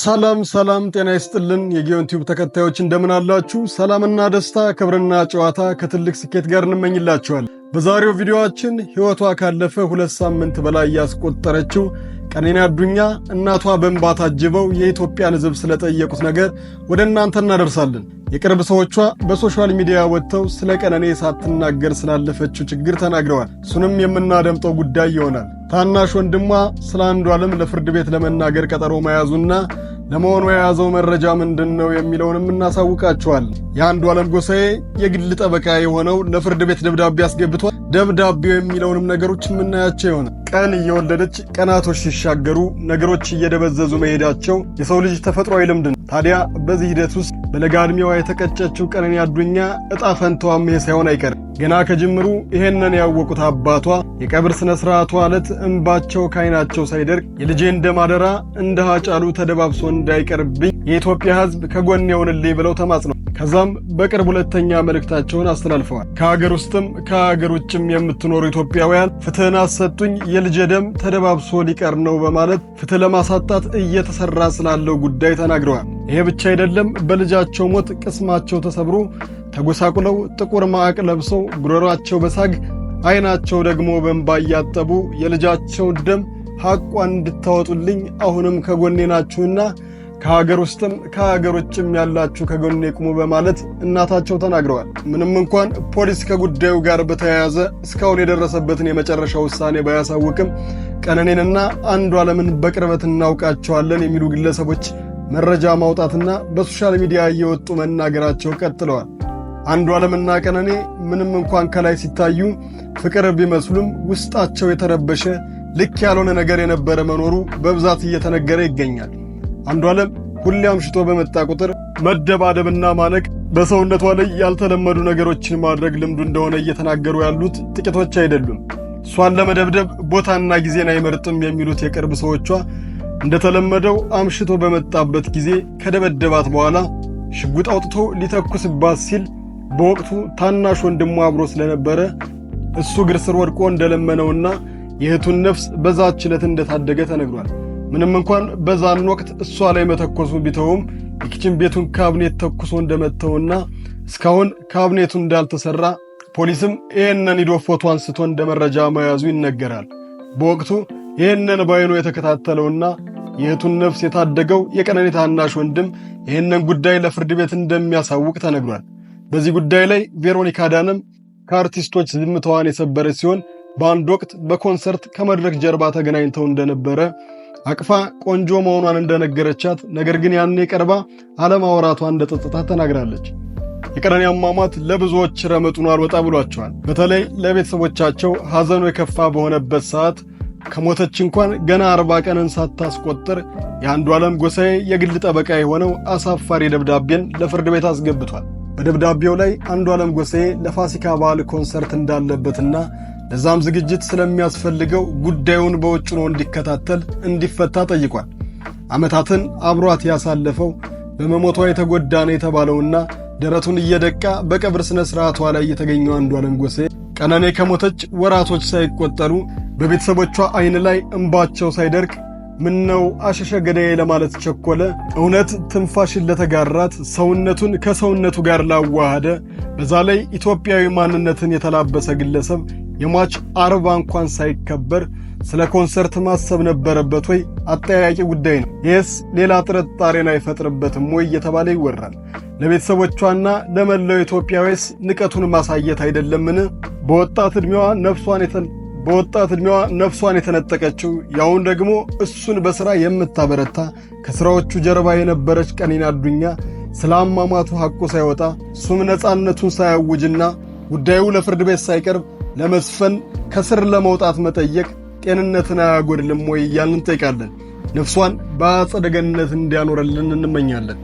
ሰላም ሰላም፣ ጤና ይስጥልን የጊዮን ቲዩብ ተከታዮች እንደምን አላችሁ? ሰላምና ደስታ፣ ክብርና ጨዋታ ከትልቅ ስኬት ጋር እንመኝላችኋል። በዛሬው ቪዲዮአችን ሕይወቷ ካለፈ ሁለት ሳምንት በላይ ያስቆጠረችው ቀነኒ አዱኛ እናቷ በእንባ ታጅበው የኢትዮጵያን ሕዝብ ስለጠየቁት ነገር ወደ እናንተ እናደርሳለን። የቅርብ ሰዎቿ በሶሻል ሚዲያ ወጥተው ስለ ቀነኒ ሳትናገር ስላለፈችው ችግር ተናግረዋል። እሱንም የምናደምጠው ጉዳይ ይሆናል። ታናሽ ወንድሟ ስለ ዓለም ለፍርድ ቤት ለመናገር ቀጠሮ መያዙና ለመሆኑ የያዘው መረጃ ምንድን ነው የሚለውንም እናሳውቃችኋል። የአንዱ ዓለም ጎሳዬ የግል ጠበቃ የሆነው ለፍርድ ቤት ደብዳቤ አስገብቷል። ደብዳቤው የሚለውንም ነገሮች የምናያቸው ይሆናል። ቀን እየወለደች ቀናቶች ሲሻገሩ ነገሮች እየደበዘዙ መሄዳቸው የሰው ልጅ ተፈጥሯዊ ልምድ ነው። ታዲያ በዚህ ሂደት ውስጥ በለጋ ዕድሜዋ የተቀጨችው ቀነኒ አዱኛ እጣ ፈንታዋም ይሄ ሳይሆን አይቀርም። ገና ከጅምሩ ይሄንን ያወቁት አባቷ የቀብር ስነ ሥርዓቷ ዕለት እንባቸው ካይናቸው ሳይደርቅ የልጄ እንደማደራ እንደ ሀጫሉ ተደባብሶ እንዳይቀርብኝ የኢትዮጵያ ሕዝብ ከጎን የሆንልኝ ብለው ተማጽነው ከዛም በቅርብ ሁለተኛ መልእክታቸውን አስተላልፈዋል። ከሀገር ውስጥም ከሀገር ውጭም የምትኖሩ ኢትዮጵያውያን ፍትህን አሰጡኝ፣ የልጄ ደም ተደባብሶ ሊቀር ነው በማለት ፍትህ ለማሳጣት እየተሰራ ስላለው ጉዳይ ተናግረዋል። ይሄ ብቻ አይደለም። በልጃቸው ሞት ቅስማቸው ተሰብሮ ተጎሳቁለው ጥቁር ማዕቅ ለብሰው ጉሮሯቸው በሳግ አይናቸው ደግሞ በእንባ እያጠቡ የልጃቸውን ደም ሐቋን እንድታወጡልኝ አሁንም ከጎኔ ናችሁና ከሀገር ውስጥም ከሀገር ውጭም ያላችሁ ከጎኔ ቁሙ በማለት እናታቸው ተናግረዋል። ምንም እንኳን ፖሊስ ከጉዳዩ ጋር በተያያዘ እስካሁን የደረሰበትን የመጨረሻ ውሳኔ ባያሳውቅም ቀነኔንና ለምን በቅርበት እናውቃቸዋለን የሚሉ ግለሰቦች መረጃ ማውጣትና በሶሻል ሚዲያ እየወጡ መናገራቸው ቀጥለዋል። አንዱ ዓለምና ቀነኔ ምንም እንኳን ከላይ ሲታዩ ፍቅር ቢመስሉም ውስጣቸው የተረበሸ ልክ ያልሆነ ነገር የነበረ መኖሩ በብዛት እየተነገረ ይገኛል። አንዱ ዓለም ሁሌ ሽቶ በመጣ ቁጥር መደባደብና ማነቅ፣ በሰውነቷ ላይ ያልተለመዱ ነገሮችን ማድረግ ልምዱ እንደሆነ እየተናገሩ ያሉት ጥቂቶች አይደሉም። እሷን ለመደብደብ ቦታና ጊዜን አይመርጥም የሚሉት የቅርብ ሰዎቿ እንደተለመደው አምሽቶ በመጣበት ጊዜ ከደበደባት በኋላ ሽጉጥ አውጥቶ ሊተኩስባት ሲል በወቅቱ ታናሽ ወንድሙ አብሮ ስለነበረ እሱ እግር ስር ወድቆ እንደለመነውና የእህቱን ነፍስ በዛች ዕለት እንደታደገ ተነግሯል። ምንም እንኳን በዛን ወቅት እሷ ላይ መተኮሱ ቢተውም የኪችን ቤቱን ካብኔት ተኩሶ እንደመተውና እስካሁን ካብኔቱ እንዳልተሰራ ፖሊስም ይህንን ሂዶ ፎቶ አንስቶ እንደ መረጃ መያዙ ይነገራል። በወቅቱ ይህንን ባይኖ የተከታተለውና የእህቱን ነፍስ የታደገው የቀነኔ ታናሽ ወንድም ይህንን ጉዳይ ለፍርድ ቤት እንደሚያሳውቅ ተነግሯል። በዚህ ጉዳይ ላይ ቬሮኒካ ዳንም ከአርቲስቶች ዝምታዋን የሰበረች ሲሆን በአንድ ወቅት በኮንሰርት ከመድረክ ጀርባ ተገናኝተው እንደነበረ አቅፋ ቆንጆ መሆኗን እንደነገረቻት፣ ነገር ግን ያኔ ቀርባ አለማውራቷ እንደጸጸታት ተናግራለች። የቀነኒ አሟሟት ለብዙዎች ረመጡን ወጣ ብሏቸዋል። በተለይ ለቤተሰቦቻቸው ሐዘኑ የከፋ በሆነበት ሰዓት ከሞተች እንኳን ገና አርባ ቀንን ሳታስቆጥር የአንዱ ዓለም ጎሳዬ የግል ጠበቃ የሆነው አሳፋሪ ደብዳቤን ለፍርድ ቤት አስገብቷል። በደብዳቤው ላይ አንዱ ዓለም ጎሳዬ ለፋሲካ በዓል ኮንሰርት እንዳለበትና ለዛም ዝግጅት ስለሚያስፈልገው ጉዳዩን በውጭ ነው እንዲከታተል እንዲፈታ ጠይቋል። ዓመታትን አብሯት ያሳለፈው በመሞቷ የተጎዳ ነው የተባለውና ደረቱን እየደቃ በቀብር ሥነ ሥርዓቷ ላይ የተገኘው አንዱ ዓለም ጎሳዬ ቀነኔ ከሞተች ወራቶች ሳይቆጠሩ በቤተሰቦቿ ዓይን ላይ እንባቸው ሳይደርቅ ምነው አሸሸ ገዳዬ ለማለት ቸኮለ። እውነት ትንፋሽን ለተጋራት ሰውነቱን ከሰውነቱ ጋር ላዋሃደ በዛ ላይ ኢትዮጵያዊ ማንነትን የተላበሰ ግለሰብ የሟች አርባ እንኳን ሳይከበር ስለ ኮንሰርት ማሰብ ነበረበት ወይ? አጠያያቂ ጉዳይ ነው። ይህስ ሌላ ጥርጣሬን አይፈጥርበትም ወይ እየተባለ ይወራል። ለቤተሰቦቿና ለመላው ኢትዮጵያዊስ ንቀቱን ማሳየት አይደለምን? በወጣት ዕድሜዋ ነፍሷን በወጣት እድሜዋ ነፍሷን የተነጠቀችው ያውን ደግሞ እሱን በሥራ የምታበረታ ከሥራዎቹ ጀርባ የነበረች ቀኒን አዱኛ ስለ አሟሟቱ ሐቁ ሳይወጣ እሱም ነፃነቱን ሳያውጅና ጉዳዩ ለፍርድ ቤት ሳይቀርብ ለመዝፈን ከስር ለመውጣት መጠየቅ ጤንነትን አያጎድልም ወይ እያልን እንጠይቃለን። ነፍሷን በአጸደ ገነት እንዲያኖረልን እንመኛለን።